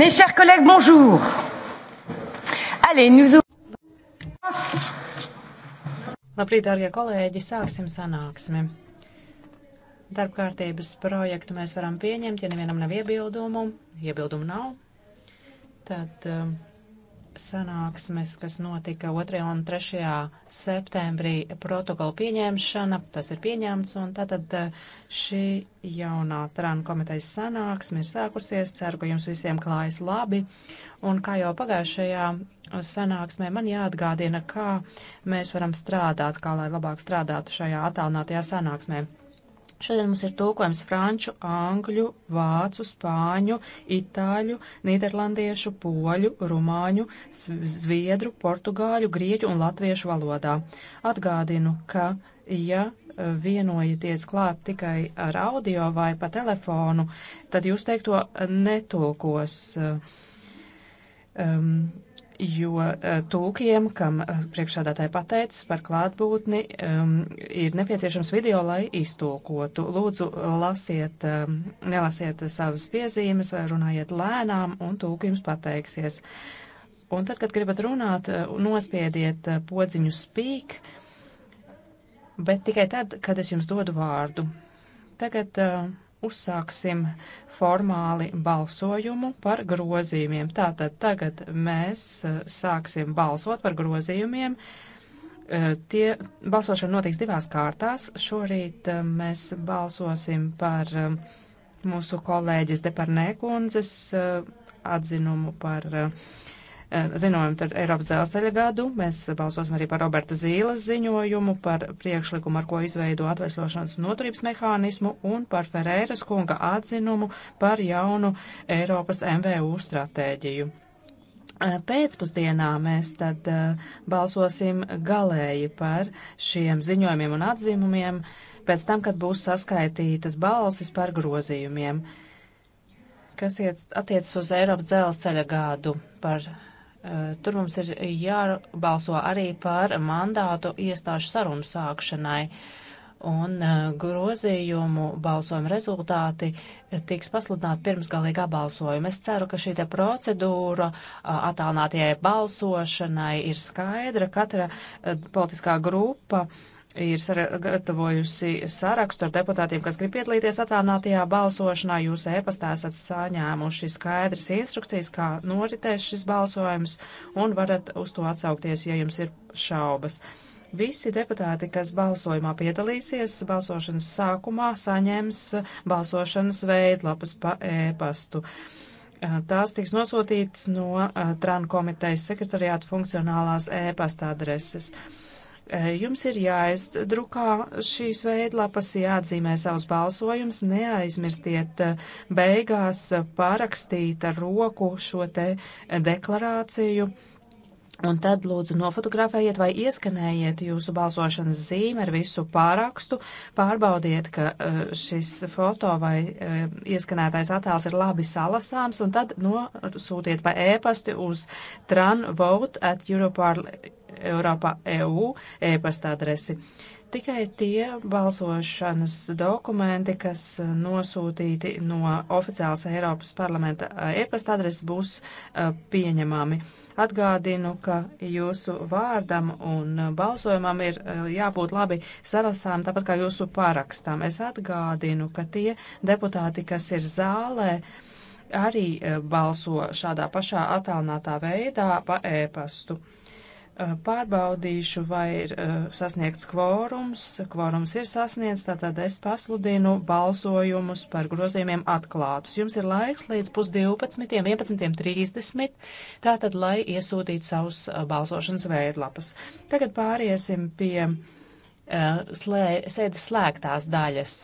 Mes chers collègues, bonjour. Allez, nous Labrīt, dārgie kolēģi, sāksim sanāksmi. Darbkārtības projektu mēs varam pieņemt, ja nevienam nav iebildumu. Iebildumu nav. Tad um, sanāksmes, kas notika 2. un 3. septembrī protokola pieņemšana, tas ir pieņemts, un tātad eh, šī jaunā Trānu komitejas sanāksme ir sākusies, ceru, ka jums visiem klājas labi, un kā jau pagājušajā sanāksmē man jāatgādina, kā mēs varam strādāt, kā lai labāk strādātu šajā attālinātajā sanāksmē. Šodien mums ir tulkojums franču, angļu, vācu, spāņu, itāļu, nīderlandiešu, poļu, rumāņu, zviedru, portugāļu, grieķu un latviešu valodā. Atgādinu, ka, ja e, vienojieties klāt tikai ar audio vai pa telefonu, tad jūs teikto netulkos. Um, jo eh, tulkiem, kam eh, priekšādātāji pateicis par klātbūtni, um, ir nepieciešams video, lai iztulkotu. Lūdzu, lasiet, um, nelasiet savas piezīmes, runājiet lēnām, un tulki jums pateiksies. Un tad, kad gribat runāt, eh, nospiediet podziņu spīk, bet tikai tad, kad es jums dodu vārdu. Tagad uh, uzsāksim formāli balsojumu par grozījumiem. Tātad tagad mēs eh, sāksim balsot par grozījumiem. Eh, tie balsošana notiks divās kārtās. Šorīt eh, mēs balsosim par mūsu kolēģis Deparnē kundzes atzinumu par uh, Eh, ziņojumu par Eiropas dzelzceļa gadu. Mēs balsosim arī par Roberta Zīles ziņojumu, par priekšlikumu, ar ko izveido atvesļošanas noturības mehānismu un par Ferēras kunga atzinumu par jaunu Eiropas MVU stratēģiju. Eh, pēcpusdienā mēs tad eh, balsosim galēji par šiem ziņojumiem un atzimumiem, pēc tam, kad būs saskaitītas balsis par grozījumiem, kas attiecas uz Eiropas dzelzceļa gādu par Eh, tur mums ir jābalso arī par mandātu iestāžu sarunu sākšanai. Un eh, grozījumu balsojuma rezultāti eh, tiks pasludināti pirms galīgā balsojuma. Es ceru, ka šī te procedūra attālinātajai balsošanai ir skaidra. Katra politiskā grupa uh, ir gatavojusi sarakstu ar deputātiem, kas grib piedalīties attālinātajā balsošanā. Jūs e-pastā esat saņēmuši skaidras instrukcijas, kā noritēs šis balsojums, un varat uz to atsaukties, ja jums ir šaubas. Visi deputāti, kas balsojumā piedalīsies, balsošanas sākumā saņems balsošanas veidlapas pa e-pastu. Tās tiks nosūtīts no TRAN komitejas sekretariāta funkcionālās e-pasta adreses. Uh, Eh, jums ir jāizdrukā šīs veidlapas, jāatzīmē savus balsojumus, neaizmirstiet eh, beigās parakstīt ar roku šo te eh, deklarāciju. Un tad lūdzu nofotografējiet vai ieskanējiet jūsu balsošanas zīmi ar visu pārakstu, pārbaudiet, ka šis foto vai ieskanētais attēls ir labi salasāms, un tad nosūtiet pa ēpastu uz tranvote at europarl Eiropā EU e-pasta adresi. Tikai tie balsošanas dokumenti, kas nosūtīti no oficiālas Eiropas parlamenta e, e-pasta adreses, būs e, pieņemami. Atgādinu, ka jūsu vārdam un balsojumam ir e, jābūt labi sarasām, tāpat kā jūsu pārakstām. Es atgādinu, ka tie deputāti, kas ir zālē, arī balso šādā pašā attālinātā veidā pa ēpastu. E Eh, pārbaudīšu, vai ir eh, sasniegts kvorums. Kvorums ir sasniegts, tātad es pasludinu balsojumus par grozījumiem atklātus. Jums ir laiks līdz pusdivpadsmitiem, 11.30, tātad, lai iesūtītu savus eh, balsošanas veidlapas. Tagad pāriesim pie slē, sēdes slēgtās daļas.